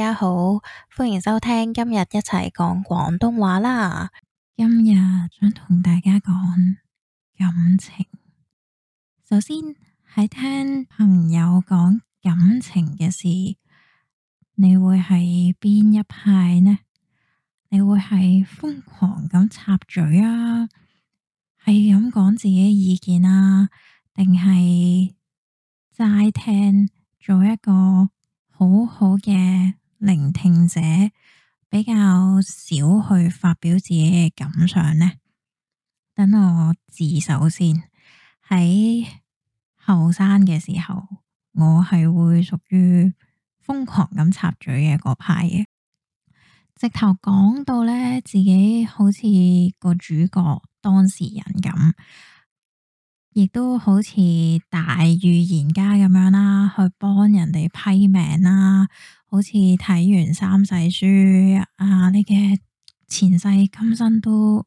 大家好，歡迎收聽今日一齊講廣東話啦。今日想同大家講感情，首先喺聽朋友講感情嘅事，你會係邊一派呢？你會係瘋狂咁插嘴啊，係咁講自己意見啊，定係齋聽做一個好好嘅？聆聽者比較少去發表自己嘅感想呢。等我自首先。喺後生嘅時候，我係會屬於瘋狂咁插嘴嘅嗰派嘅，直頭講到呢，自己好似個主角當事人咁。亦都好似大預言家咁樣啦，去幫人哋批命啦，好似睇完三世書啊，你嘅前世今生都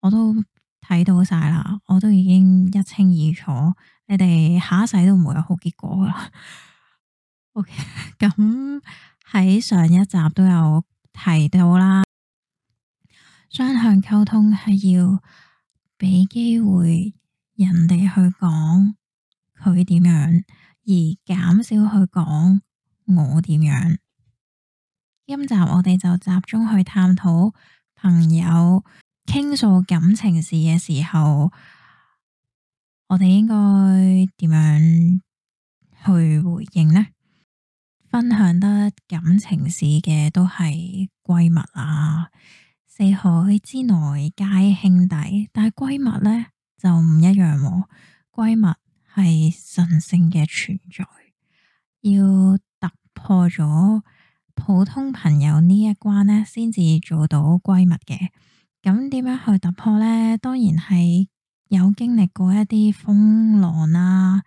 我都睇到晒啦，我都已經一清二楚，你哋下一世都冇有好結果啦。 OK，咁喺上一集都有提到啦，雙向溝通係要畀機會。人哋去講佢點樣，而減少去講我點樣。今集我哋就集中去探討朋友傾訴感情事嘅時候，我哋應該點樣去回應呢？分享得感情事嘅都係閨蜜啊，四海之內皆兄弟，但係閨蜜咧。就唔一樣喎，閨蜜係神聖嘅存在，要突破咗普通朋友呢一關咧，先至做到閨蜜嘅。咁點樣去突破呢？當然係有經歷過一啲風浪啦、啊，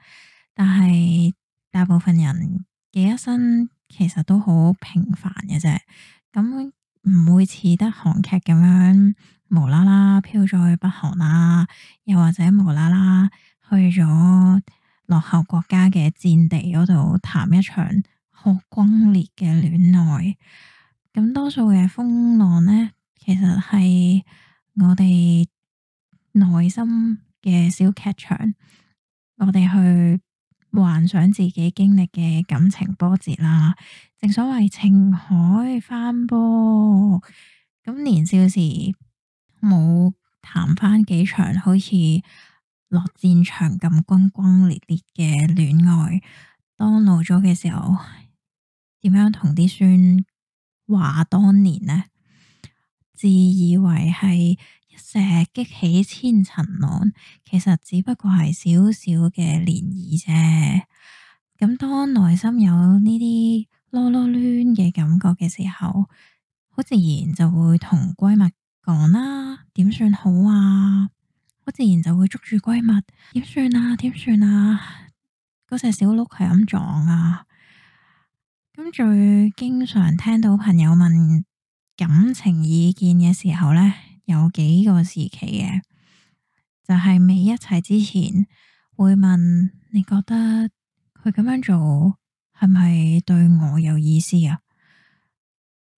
但係大部分人嘅一生其實都好平凡嘅啫，咁唔會似得韓劇咁樣。無啦啦飄咗去北韓啦，又或者無啦啦去咗落後國家嘅戰地嗰度談一場好轟烈嘅戀愛。咁多數嘅風浪咧，其實係我哋內心嘅小劇場，我哋去幻想自己經歷嘅感情波折啦。正所謂情海翻波，咁年少時。冇談返幾場，好似落戰場咁轟轟烈烈嘅戀愛。當老咗嘅時候，點樣同啲孫話當年呢，自以為係一石激起千層浪，其實只不過係少少嘅漣漪啫。咁當內心有呢啲囉囉攣嘅感覺嘅時候，好自然就會同閨蜜。講啦，點算好啊？我自然就會捉住閨蜜，點算啊？點算啊？嗰隻小鹿係咁撞啊！咁最經常聽到朋友問感情意見嘅時候咧，有幾個時期嘅，就係未一齊之前會問，你覺得佢咁樣做係唔係對我有意思啊？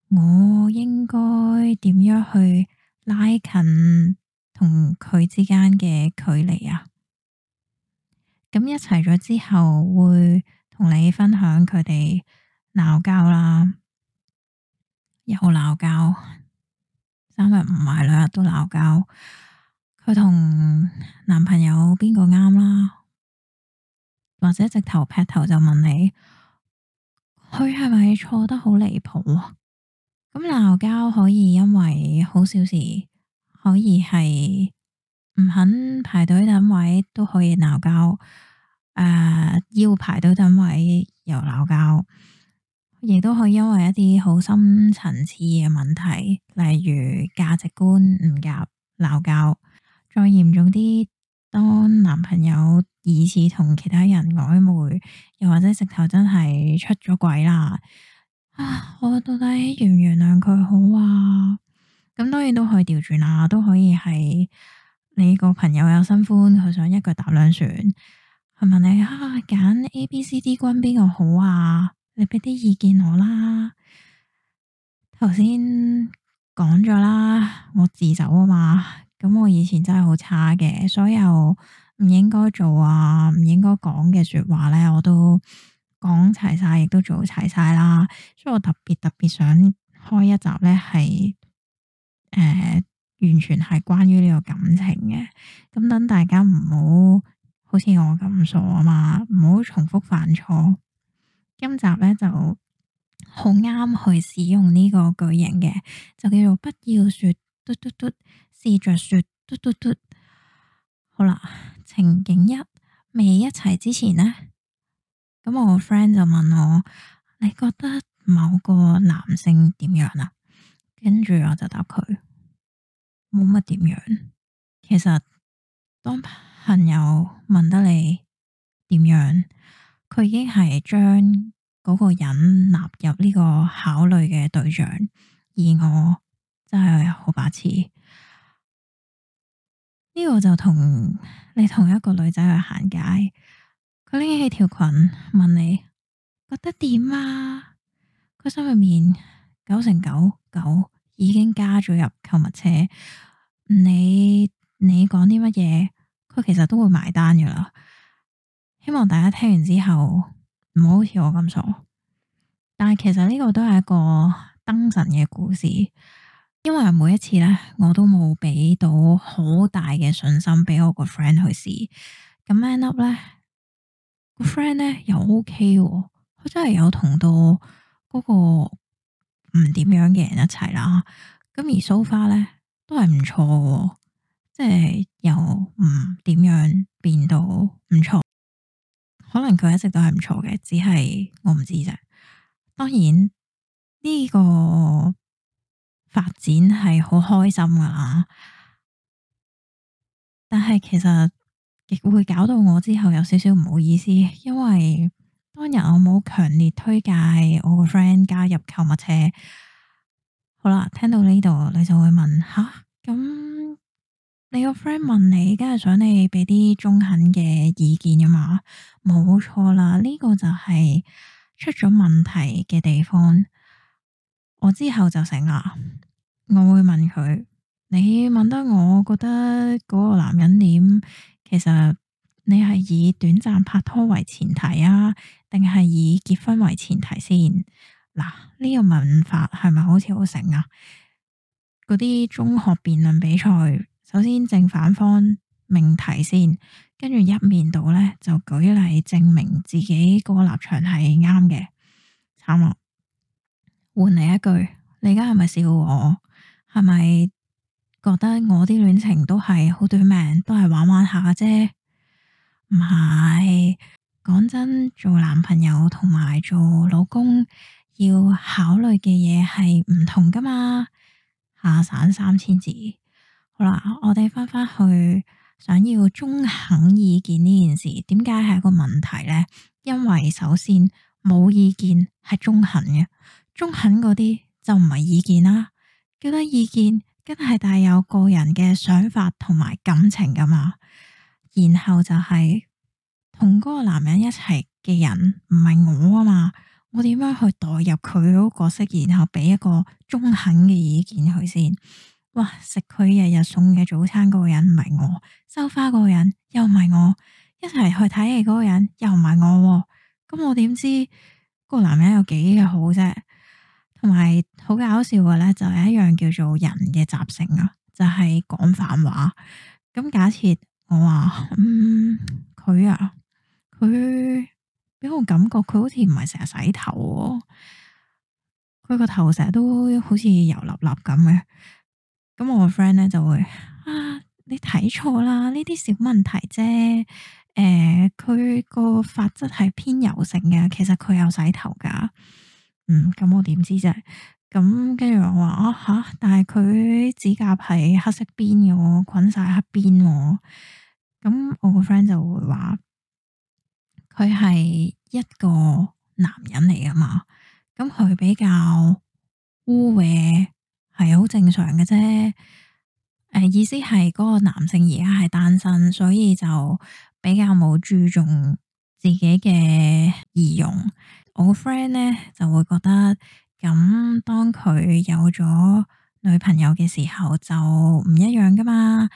我應該點樣去？拉近同佢之間嘅距離啊！咁一齊咗之後，會同你分享佢哋鬧交啦，又鬧交，三日唔埋兩日都鬧交。佢同男朋友邊個啱啦？或者直頭劈頭就問你，佢係咪錯得好離譜啊？咁鬧交可以因為好小事，可以係唔肯排隊等位都可以鬧交，誒、呃、要排隊等位又鬧交，亦都可以因為一啲好深層次嘅問題，例如價值觀唔夾鬧交，再嚴重啲，當男朋友疑似同其他人曖昧，又或者直頭真係出咗軌啦。啊！我到底原唔原諒佢好啊？咁當然都可以調轉啊，都可以係你個朋友有新歡，佢想一腳踏兩船，佢問你啊，揀 A、B、C、D 君邊個好啊？你俾啲意見我啦。頭先講咗啦，我自首啊嘛。咁我以前真係好差嘅，所有唔應該做啊，唔應該講嘅說話咧，我都。講齊晒，亦都做齊晒啦，所以我特別特別想開一集咧，係、呃、誒完全係關於呢個感情嘅。咁等大家唔好好似我咁傻啊嘛，唔好重複犯錯。今集咧就好啱去使用呢個句型嘅，就叫做不要說嘟嘟嘟，試着說嘟嘟嘟。好啦，情景一，未一齊之前呢。咁我個 friend 就問我，你覺得某個男性點樣啊？跟住我就答佢冇乜點樣。其實當朋友問得你點樣，佢已經係將嗰個人納入呢個考慮嘅對象，而我真係好白痴。呢個就同你同一個女仔去行街。佢拎起條裙問，你覺得點啊？佢心裏面九成九九已經加咗入購物車，你你講啲乜嘢，佢其實都會埋單噶啦。希望大家聽完之後唔好好似我咁傻。但係其實呢個都係一個燈神嘅故事，因為每一次咧我都冇俾到好大嘅信心俾我個 friend 去試。咁 end up 咧。個 friend 咧又 OK，佢真係有同到嗰個唔點樣嘅人一齊啦。咁而 s o 蘇花咧都係唔錯，即係又唔點樣變到唔錯。可能佢一直都係唔錯嘅，只係我唔知啫。當然呢、這個發展係好開心噶，但係其實，亦會搞到我之後有少少唔好意思，因為當日我冇強烈推介我個 friend 加入購物車。好啦，聽到呢度你就會問吓，咁你個 friend 問你，梗係想你俾啲中肯嘅意見啊嘛。冇錯啦，呢個就係出咗問題嘅地方。我之後就醒啦，我會問佢，你問得我覺得嗰個男人點。其實你係以短暫拍拖為前提啊，定係以結婚為前提先？嗱，呢個文法係咪好似好醒啊？嗰啲中學辯論比賽，首先正反方命題先，跟住一面倒呢，就舉例證明自己個立場係啱嘅，慘啊！換嚟一句，你而家係咪笑我？係咪？覺得我啲戀情都係好短命，都係玩玩下啫。唔係，講真，做男朋友同埋做老公要考慮嘅嘢係唔同噶嘛。下刪三千字好啦，我哋翻返去想要中肯意見呢件事，點解係一個問題呢？因為首先冇意見係中肯嘅，中肯嗰啲就唔係意見啦。叫得意見，梗係帶有個人嘅想法同埋感情噶嘛，然後就係同嗰個男人一齊嘅人唔係我啊嘛，我點樣去代入佢嗰個角色，然後俾一個中肯嘅意見佢先？哇！食佢日日送嘅早餐嗰個人唔係我，收花嗰個人又唔係我，一齊去睇戲嗰個人又唔係我、啊，咁我點知，個男人有幾嘅好啫？同埋好搞笑嘅咧，就係、是、一樣叫做人嘅習性啊，就係講反話。咁假設我話，嗯，佢啊，佢俾我感覺佢好似唔係成日洗頭，佢個頭成日都好似油立立咁嘅。咁我個 friend 咧就會啊，你睇錯啦，呢啲小問題啫。誒、呃，佢個髮質係偏油性嘅，其實佢有洗頭噶。嗯，咁我點知啫？咁跟住我話啊吓，但係佢指甲係黑色邊嘅，我滾晒黑邊。咁我個 friend 就會話，佢係一個男人嚟噶嘛？咁佢比較污穢，係好正常嘅啫。誒、呃，意思係嗰個男性而家係單身，所以就比較冇注重自己嘅儀容。我個 friend 咧就會覺得咁，當佢有咗女朋友嘅時候就唔一樣噶嘛。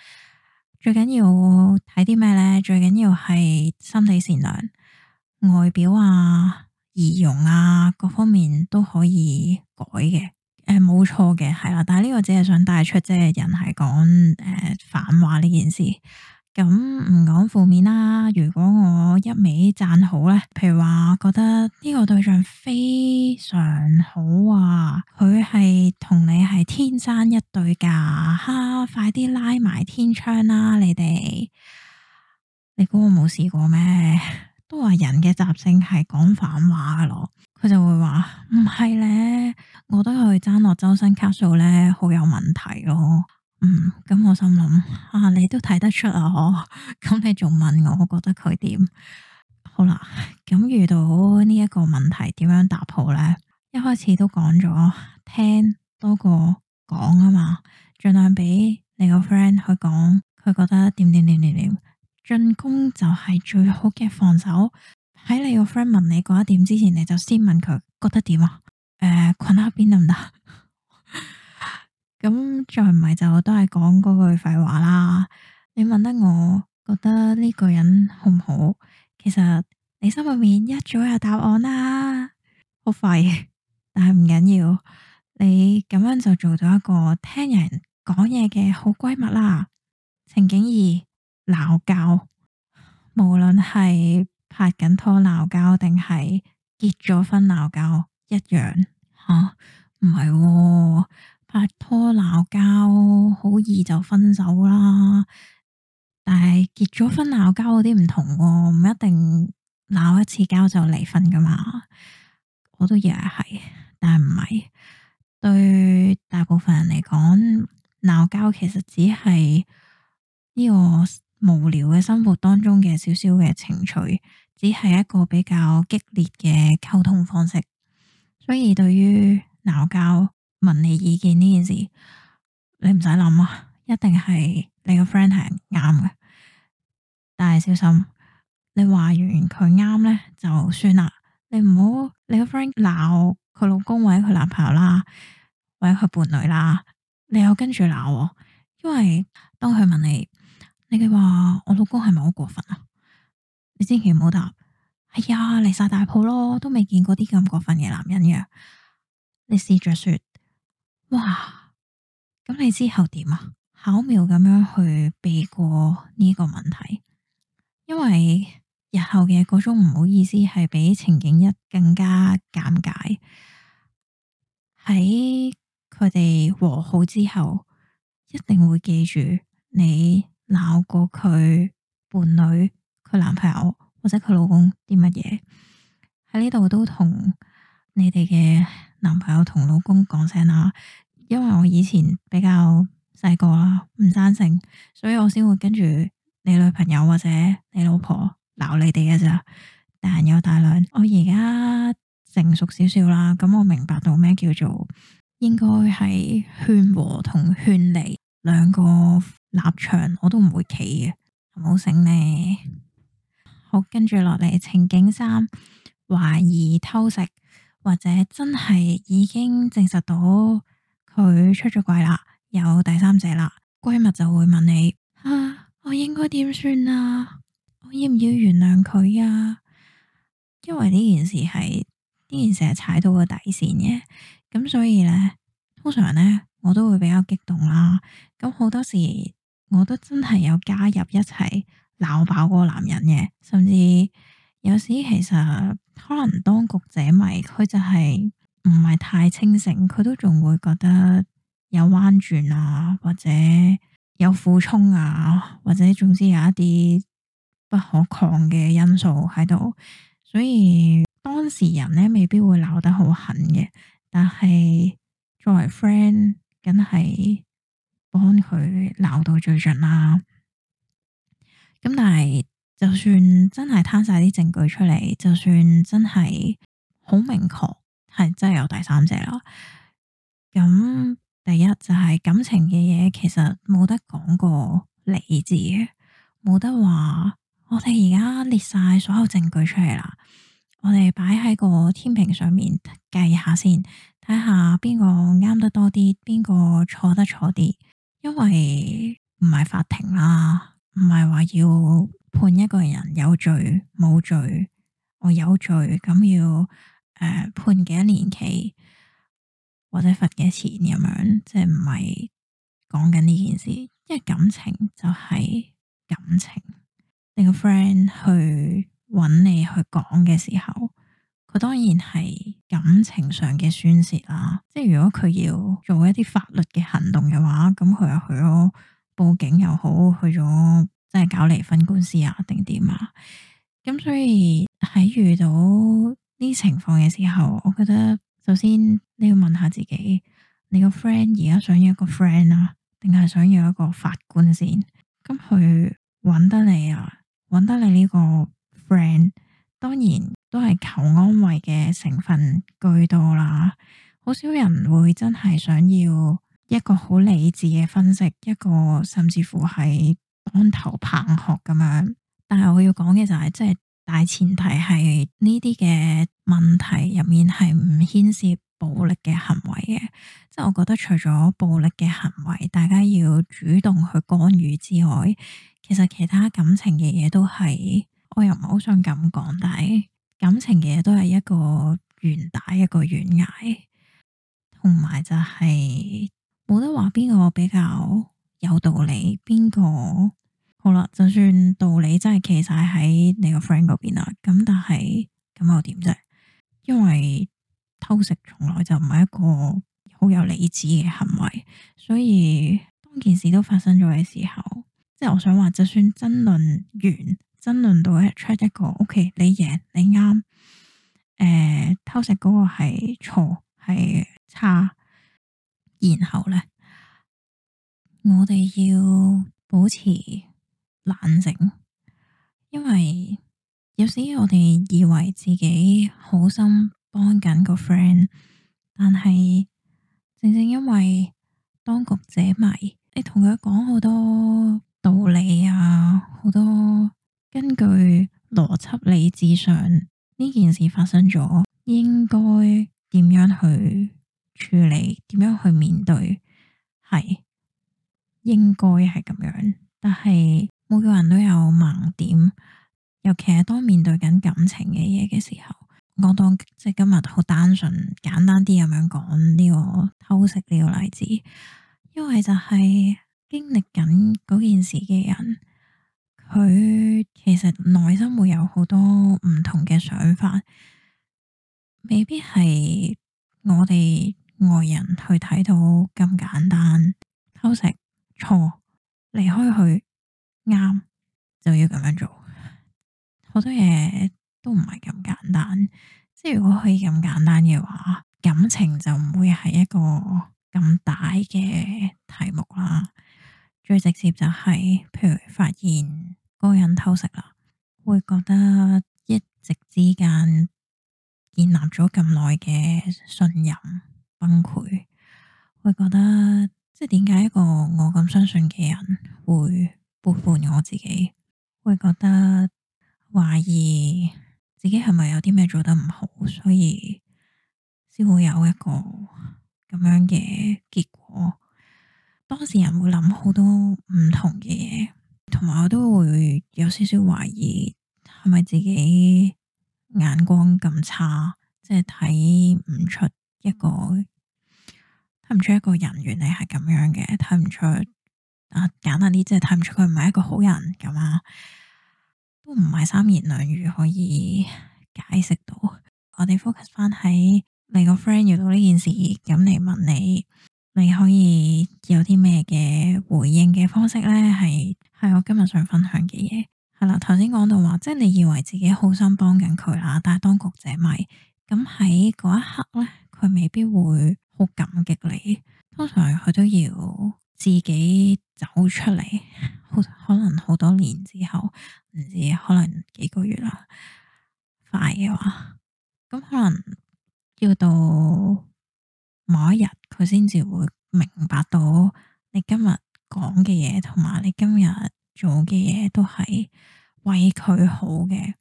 最緊要睇啲咩咧？最緊要係心地善良、外表啊、儀容啊，各方面都可以改嘅。誒、呃，冇錯嘅，係啦。但係呢個只係想帶出即係人係講誒反話呢件事。咁唔講負面啦，如果我一味讚好咧，譬如話覺得呢個對象非常好啊，佢係同你係天生一對噶，哈！快啲拉埋天窗啦，你哋，你估我冇試過咩？都話人嘅習性係講反話咯，佢就會話唔係咧，我覺得佢爭落周身卡數咧好有問題咯。嗯，咁我心諗啊，你都睇得出啊，嗬，咁你仲問我覺得佢點？好啦，咁遇到呢一個問題點樣答好咧？一開始都講咗，聽多過講啊嘛，盡量俾你個 friend 去講，佢覺得點點點點點，進攻就係最好嘅防守。喺你個 friend 問你嗰一點之前，你就先問佢覺得點啊？誒、呃，困喺邊得唔得？ 咁再唔係就都係講嗰句廢話啦。你問得我覺得呢個人好唔好？其實你心入面一早有答案啦。好廢，但係唔緊要。你咁樣就做咗一個聽人講嘢嘅好閨蜜啦。情境二鬧交，無論係拍緊拖鬧交定係結咗婚鬧交一樣吓，唔、啊、係。拍拖鬧交好易就分手啦，但係結咗婚鬧交嗰啲唔同，唔一定鬧一次交就離婚噶嘛。我都以為係，但係唔係。對大部分人嚟講，鬧交其實只係呢個無聊嘅生活當中嘅少少嘅情趣，只係一個比較激烈嘅溝通方式。所以對於鬧交。問你意見呢件事，你唔使諗啊，一定係你個 friend 係啱嘅，但係小心你話完佢啱咧就算啦，你唔好你個 friend 鬧佢老公或者佢男朋友啦，或者佢伴侶啦，你又跟住鬧，因為當佢問你，你嘅話我老公係咪好過分啊？你千祈唔好答，哎呀，離晒大譜咯，都未見過啲咁過分嘅男人嘅，你試着說。哇！咁你之後點啊？巧妙咁樣去避過呢個問題，因為日後嘅嗰種唔好意思係比情景一更加尷尬。喺佢哋和好之後，一定會記住你鬧過佢伴侶、佢男朋友或者佢老公啲乜嘢。喺呢度都同你哋嘅。男朋友同老公講聲啦，因為我以前比較細個啦，唔生性，所以我先會跟住你女朋友或者你老婆鬧你哋嘅咋。但有大量，我而家成熟少少啦，咁我明白到咩叫做應該係勸和同勸離兩個立場，我都唔會企嘅，好醒你。好，跟住落嚟情景三，懷疑偷食。或者真係已經證實到佢出咗軌啦，有第三者啦，閨蜜就會問你：「啊，我應該點算啊？我要唔要原諒佢啊？因為呢件事係呢件事係踩到個底線嘅，咁所以咧，通常咧，我都會比較激動啦。咁好多時我都真係有加入一齊鬧爆嗰個男人嘅，甚至。有時其實可能當局者迷，佢就係唔係太清醒，佢都仲會覺得有彎轉啊，或者有苦衷啊，或者總之有一啲不可抗嘅因素喺度，所以當事人咧未必會鬧得好狠嘅，但係作為 friend，梗係幫佢鬧到最盡啦。咁但係。就算真係攤晒啲證據出嚟，就算真係好明確，係真係有第三者啦。咁第一就係、是、感情嘅嘢，其實冇得講個理字嘅，冇得話我哋而家列晒所有證據出嚟啦，我哋擺喺個天平上面計下先，睇下邊個啱得多啲，邊個錯得錯啲，因為唔係法庭啦，唔係話要。判一個人有罪冇罪，我有罪咁要誒、呃、判幾年期或者罰幾多錢咁樣，即係唔係講緊呢件事，因為感情就係感情。你個 friend 去搵你去講嘅時候，佢當然係感情上嘅宣洩啦。即係如果佢要做一啲法律嘅行動嘅話，咁佢又去咗報警又好，去咗。係搞離婚官司啊，定點啊？咁所以喺遇到呢情況嘅時候，我覺得首先你要問下自己，你個 friend 而家想要一個 friend 啊，定係想要一個法官先啊？咁佢揾得你啊，揾得你呢個 friend，當然都係求安慰嘅成分居多啦。好少人會真係想要一個好理智嘅分析，一個甚至乎係。光頭棒喝咁樣，但係我要講嘅就係、是，即、就、係、是、大前提係呢啲嘅問題入面係唔牽涉暴力嘅行為嘅，即、就、係、是、我覺得除咗暴力嘅行為，大家要主動去干預之外，其實其他感情嘅嘢都係，我又唔係好想咁講，但係感情嘅嘢都係一個願打一個願捱，同埋就係、是、冇得話邊個比較。有道理，邊個好啦？就算道理真係企晒喺你個 friend 嗰邊啦，咁但係咁又點啫？因為偷食從來就唔係一個好有理智嘅行為，所以當件事都發生咗嘅時候，即係我想話，就算爭論完，爭論到一出一個，OK，你贏你啱，誒、呃、偷食嗰個係錯係差，然後咧。我哋要保持冷靜，因為有時我哋以為自己好心幫緊個 friend，但係正正因為當局者迷，你同佢講好多道理啊，好多根據邏輯理智上呢件事發生咗，應該點樣去處理，點樣去面對，係。應該係咁樣，但係每個人都有盲點，尤其係當面對緊感情嘅嘢嘅時候，我當即係今日好單純、簡單啲咁樣講呢個偷食呢個例子，因為就係經歷緊嗰件事嘅人，佢其實內心會有好多唔同嘅想法，未必係我哋外人去睇到咁簡單偷食。錯，離開佢啱就要咁樣做，好多嘢都唔係咁簡單。即係如果可以咁簡單嘅話，感情就唔會係一個咁大嘅題目啦。最直接就係、是、譬如發現個人偷食啦，會覺得一直之間建立咗咁耐嘅信任崩潰，會覺得。即係點解一個我咁相信嘅人會背叛我自己，會覺得懷疑自己係咪有啲咩做得唔好，所以先會有一個咁樣嘅結果。當事人會諗好多唔同嘅嘢，同埋我都會有少少懷疑係咪自己眼光咁差，即係睇唔出一個。睇唔出一個人原來係咁樣嘅，睇唔出啊，簡單啲即係睇唔出佢唔係一個好人咁啊，都唔係三言兩語可以解釋到。我哋 focus 翻喺你個 friend 遇到呢件事，咁嚟問你，你可以有啲咩嘅回應嘅方式咧？係係我今日想分享嘅嘢。係、嗯、啦，頭先講到話，即係你以為自己好心幫緊佢啦，但係當局者迷，咁喺嗰一刻咧，佢未必會。好感激你，通常佢都要自己走出嚟，好可能好多年之後，唔知可能幾個月啦，快嘅話，咁可能要到某一日佢先至會明白到你今日講嘅嘢，同埋你今日做嘅嘢都係為佢好嘅。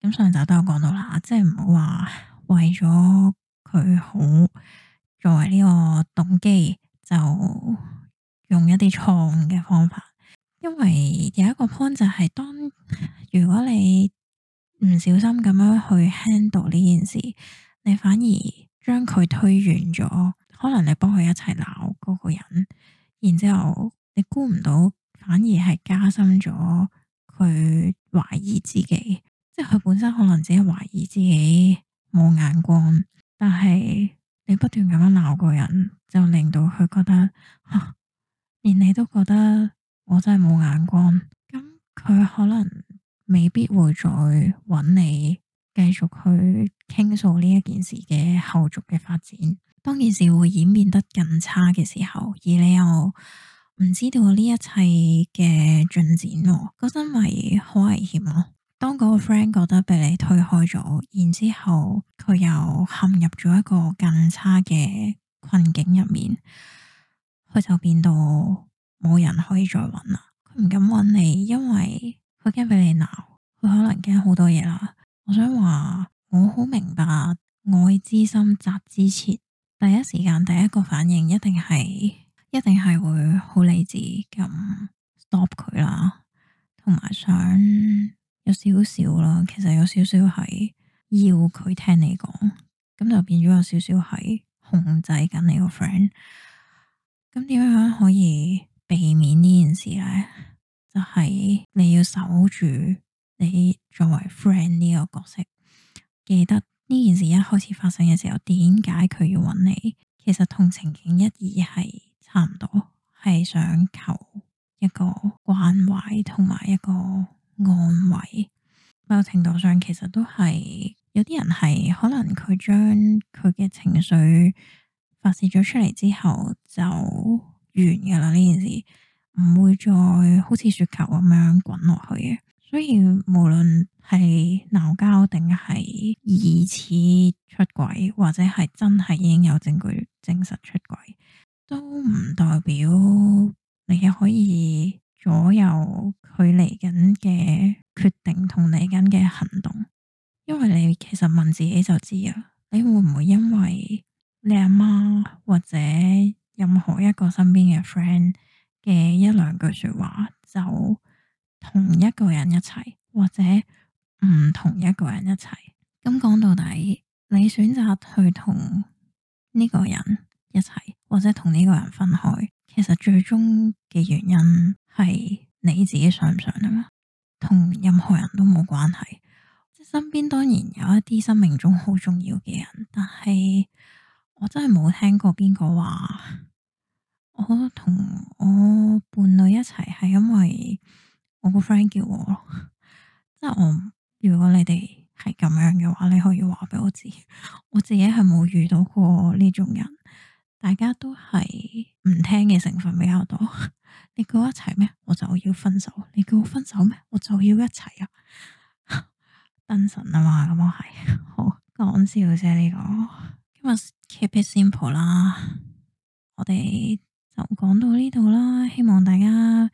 咁上集都有講到啦，即係唔好話為咗。佢好作為呢個動機，就用一啲錯誤嘅方法，因為有一個 point 就係，當如果你唔小心咁樣去 handle 呢件事，你反而將佢推遠咗，可能你幫佢一齊鬧嗰個人，然之後你估唔到，反而係加深咗佢懷疑自己，即係佢本身可能只係懷疑自己冇眼光。但係你不斷咁樣鬧個人，就令到佢覺得，啊，連你都覺得我真係冇眼光，咁佢可能未必會再揾你繼續去傾訴呢一件事嘅後續嘅發展。當件事會演變得更差嘅時候，而你又唔知道呢一切嘅進展，嗰陣咪好危險囉。當嗰個 friend 覺得被你推開咗，然之後佢又陷入咗一個更差嘅困境入面，佢就變到冇人可以再揾啦。佢唔敢揾你，因為佢驚俾你鬧，佢可能驚好多嘢啦。我想話，我好明白，愛之深，責之切。第一時間，第一個反應一定係，一定係會好理智咁 stop 佢啦，同埋想。有少少啦，其實有少少係要佢聽你講，咁就變咗有少少係控制緊你個 friend。咁點樣可以避免呢件事咧？就係、是、你要守住你作為 friend 呢個角色，記得呢件事一開始發生嘅時候，點解佢要揾你？其實同情景一二係差唔多，係想求一個關懷同埋一個。安慰，某程度上，其實都係有啲人係可能佢將佢嘅情緒發泄咗出嚟之後就完噶啦，呢件事唔會再好似雪球咁樣滾落去嘅。所以無論係鬧交定係疑似出軌，或者係真係已經有證據證實出軌，都唔代表你也可以。所有佢嚟緊嘅決定同嚟緊嘅行動，因為你其實問自己就知啊,你會唔會因為你阿媽或者任何一個身邊嘅 friend 嘅一兩句說話，就同一個人一齊，或者唔同一個人一齊？咁講到底，你選擇去同呢個人一齊，或者同呢個人分開，其實最終嘅原因，係你自己想唔想啊嘛，同任何人都冇關係。即身邊當然有一啲生命中好重要嘅人，但係我真係冇聽過邊個話我同我伴侶一齊係因為我個 friend 叫我咯。即我如果你哋係咁樣嘅話，你可以話俾我知，我自己係冇遇到過呢種人。大家都係唔聽嘅成分比較多， 你叫我一齊咩？我就要分手。你叫我分手咩？我就要一齊啊！燈 神啊嘛，咁我係 好講笑啫。呢個今日 keep it simple 啦，我哋就講到呢度啦。希望大家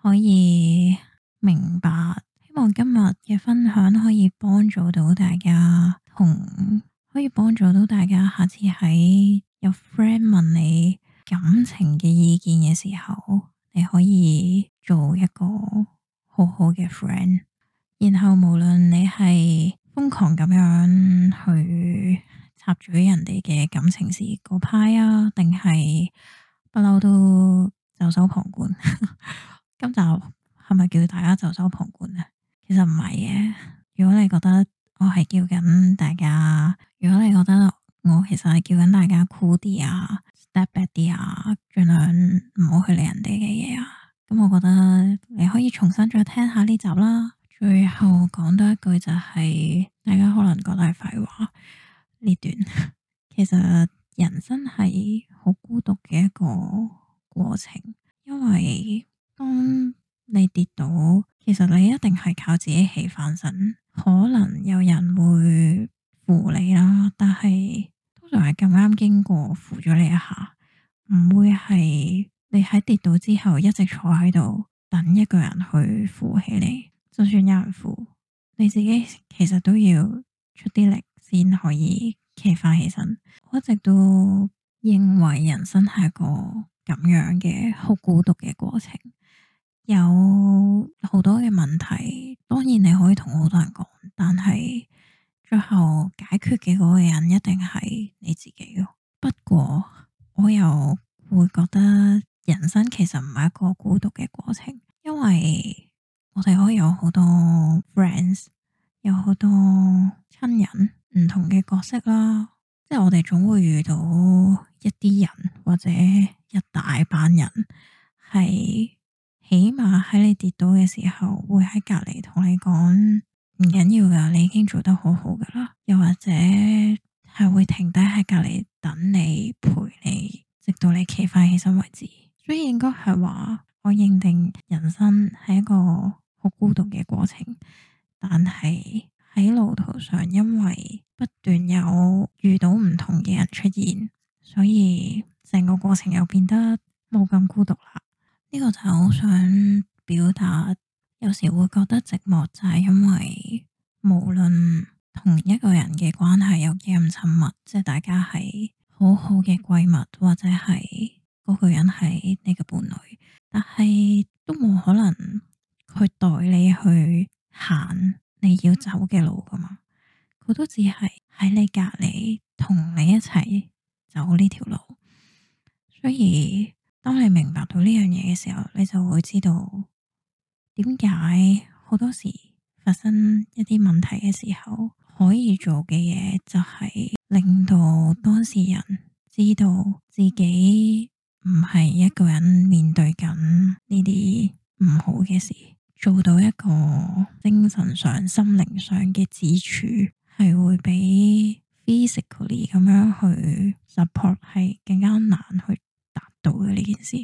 可以明白，希望今日嘅分享可以幫助到大家，同可以幫助到大家下次喺。有 friend 問你感情嘅意見嘅時候，你可以做一個好好嘅 friend。然後無論你係瘋狂咁樣去插嘴人哋嘅感情事嗰派啊，定係不嬲都袖手旁觀， 今集係咪叫大家袖手旁觀啊？其實唔係嘅。如果你覺得我係叫緊大家，如果你覺得，我其實係叫緊大家 cool 啲啊，step back 啲啊，盡量唔好去理人哋嘅嘢啊。咁我覺得你可以重新再聽下呢集啦。最後講多一句就係、是，大家可能覺得係廢話呢段，其實人生係好孤獨嘅一個過程，因為當你跌倒，其實你一定係靠自己起翻身。可能有人會扶你啦，但係。通常係咁啱經過扶咗你一下，唔會係你喺跌倒之後一直坐喺度等一個人去扶起你。就算有人扶，你自己其實都要出啲力先可以企返起身。我一直都認為人生係一個咁樣嘅好孤獨嘅過程，有好多嘅問題。當然你可以同好多人講，但係。最後解決嘅嗰個人一定係你自己咯。不過我又會覺得人生其實唔係一個孤獨嘅過程，因為我哋可以有好多 friends，有好多親人，唔同嘅角色啦。即係我哋總會遇到一啲人或者一大班人，係起碼喺你跌倒嘅時候，會喺隔籬同你講。唔緊要噶，你已經做得好好噶啦。又或者係會停低喺隔籬等你陪你，直到你企翻起身為止。所以應該係話，我認定人生係一個好孤獨嘅過程。但係喺路途上，因為不斷有遇到唔同嘅人出現，所以成個過程又變得冇咁孤獨啦。呢個就好想表達。有時會覺得寂寞，就係因為無論同一個人嘅關係有幾咁親密，即係大家係好好嘅閨蜜，或者係嗰個人係你嘅伴侶，但係都冇可能去代你去行你要走嘅路噶嘛。佢都只係喺你隔籬同你一齊走呢條路。所以當你明白到呢樣嘢嘅時候，你就會知道。點解好多時發生一啲問題嘅時候，可以做嘅嘢就係令到當事人知道自己唔係一個人面對緊呢啲唔好嘅事，做到一個精神上、心靈上嘅支持，係會比 physically 咁樣去 support 係更加難去達到嘅呢件事。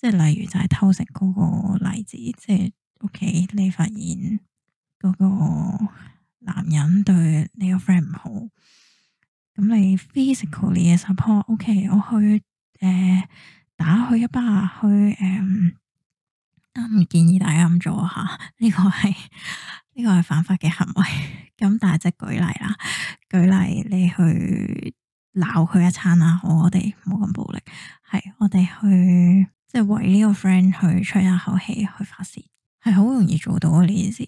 即係例如就係偷食嗰個例子，即係 OK，你發現嗰個男人對你個 friend 唔好，咁你 physically、OK, support，OK，我去誒、呃、打佢一巴，去誒，唔、呃、建議大家咁做吓，呢、這個係呢、這個係犯法嘅行為，咁但係即係舉例啦，舉例你去鬧佢一餐啦，好，我哋冇咁暴力，係我哋去。即係為呢個 friend 去吹一口氣、去發洩，係好容易做到呢件事，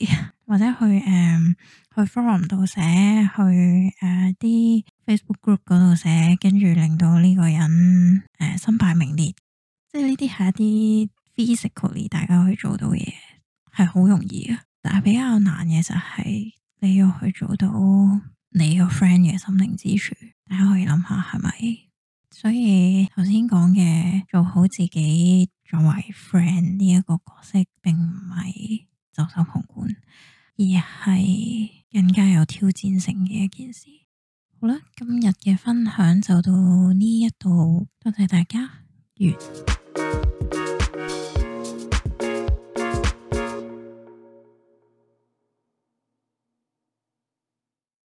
或者去誒、嗯、去 forum 度寫，去誒啲、呃、Facebook group 嗰度寫，跟住令到呢個人誒身敗名裂，即係呢啲係一啲 physically 大家去做到嘅嘢，係好容易噶。但係比較難嘅就係你要去做到你個 friend 嘅心靈支柱，大家可以諗下係咪？是所以頭先講嘅做好自己作為 friend 呢一個角色，並唔係袖手旁觀，而係更加有挑戰性嘅一件事。好啦，今日嘅分享就到呢一度，多謝大家，完。